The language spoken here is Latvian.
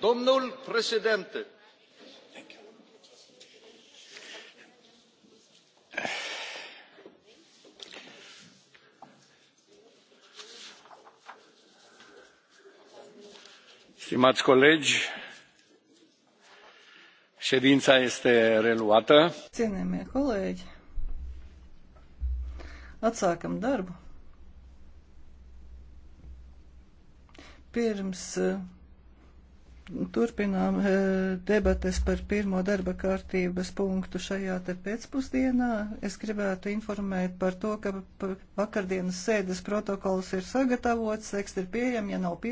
domnul președinte stimați colegi ședința este reluată. Cienījamie kolēģi, atsākam darbu. Pirms Turpinām eh, debates par pirmo darba kārtības punktu šajā te pēcpusdienā. Es gribētu informēt par to, ka vakardienas sēdes protokols ir sagatavots, teksts ir pieejams, ja nav pieejams.